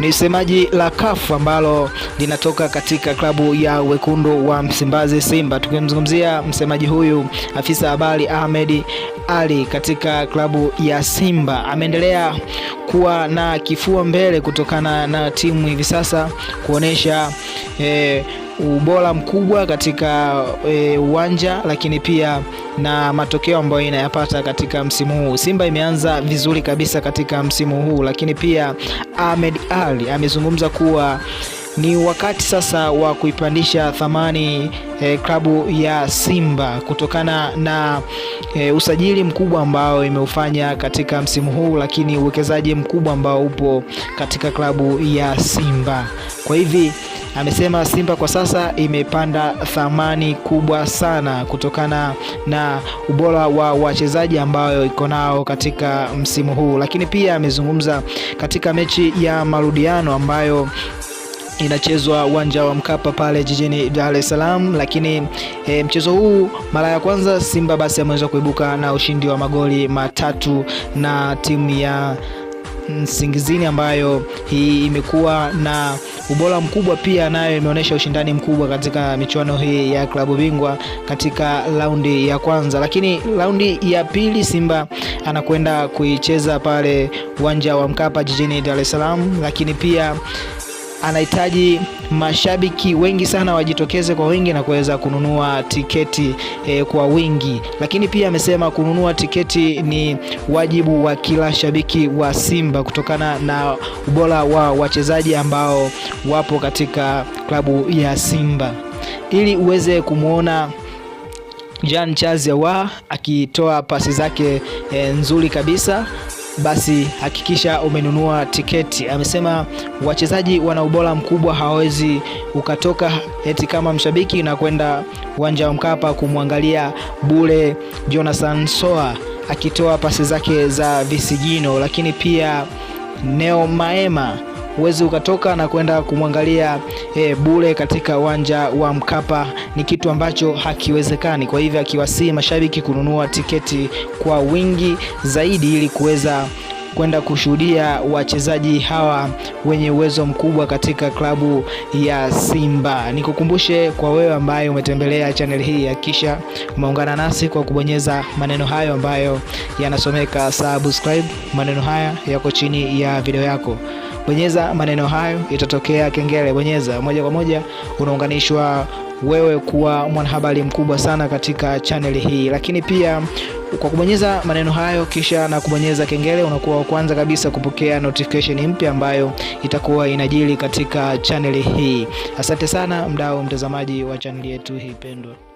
ni semaji la kafu ambalo linatoka katika klabu ya wekundu wa Msimbazi Simba. Tukimzungumzia msemaji huyu, afisa habari Ahmed Ali katika klabu ya Simba ameendelea kuwa na kifua mbele kutokana na timu hivi sasa kuonesha eh, ubora mkubwa katika eh, uwanja e, lakini pia na matokeo ambayo inayapata katika msimu huu. Simba imeanza vizuri kabisa katika msimu huu, lakini pia Ahmed Ali amezungumza kuwa ni wakati sasa wa kuipandisha thamani e, klabu ya Simba kutokana na e, usajili mkubwa ambao imeufanya katika msimu huu, lakini uwekezaji mkubwa ambao upo katika klabu ya Simba. Kwa hivi amesema Simba kwa sasa imepanda thamani kubwa sana kutokana na ubora wa wachezaji ambayo iko nao katika msimu huu, lakini pia amezungumza katika mechi ya marudiano ambayo inachezwa uwanja wa Mkapa pale jijini Dar es Salaam, lakini e, mchezo huu mara ya kwanza Simba basi ameweza kuibuka na ushindi wa magoli matatu na timu ya singizini ambayo hii imekuwa na ubora mkubwa, pia nayo imeonyesha ushindani mkubwa katika michuano hii ya klabu bingwa katika raundi ya kwanza, lakini raundi ya pili Simba anakwenda kuicheza pale uwanja wa Mkapa jijini Dar es Salaam, lakini pia anahitaji mashabiki wengi sana wajitokeze kwa wingi na kuweza kununua tiketi e, kwa wingi. Lakini pia amesema kununua tiketi ni wajibu wa kila shabiki wa Simba kutokana na ubora wa wachezaji ambao wapo katika klabu ya Simba ili uweze kumwona Jean Charles Ahoua akitoa pasi zake e, nzuri kabisa basi hakikisha umenunua tiketi. Amesema wachezaji wana ubora mkubwa, hawawezi ukatoka eti kama mshabiki na kwenda uwanja wa Mkapa kumwangalia bure Jonathan Soa akitoa pasi zake za visigino. Lakini pia Neo Maema huwezi ukatoka na kwenda kumwangalia e, bure katika uwanja wa Mkapa, ni kitu ambacho hakiwezekani. Kwa hivyo akiwasihi mashabiki kununua tiketi kwa wingi zaidi ili kuweza kwenda kushuhudia wachezaji hawa wenye uwezo mkubwa katika klabu ya Simba. Nikukumbushe kwa wewe ambaye umetembelea channel hii, hakikisha umeungana nasi kwa kubonyeza maneno hayo ambayo yanasomeka subscribe. Maneno haya yako chini ya video yako bonyeza maneno hayo, itatokea kengele, bonyeza moja kwa moja, unaunganishwa wewe kuwa mwanahabari mkubwa sana katika chaneli hii. Lakini pia kwa kubonyeza maneno hayo kisha na kubonyeza kengele, unakuwa wa kwanza kabisa kupokea notification mpya ambayo itakuwa inajili katika chaneli hii. Asante sana mdau, mtazamaji wa chaneli yetu hii pendwa.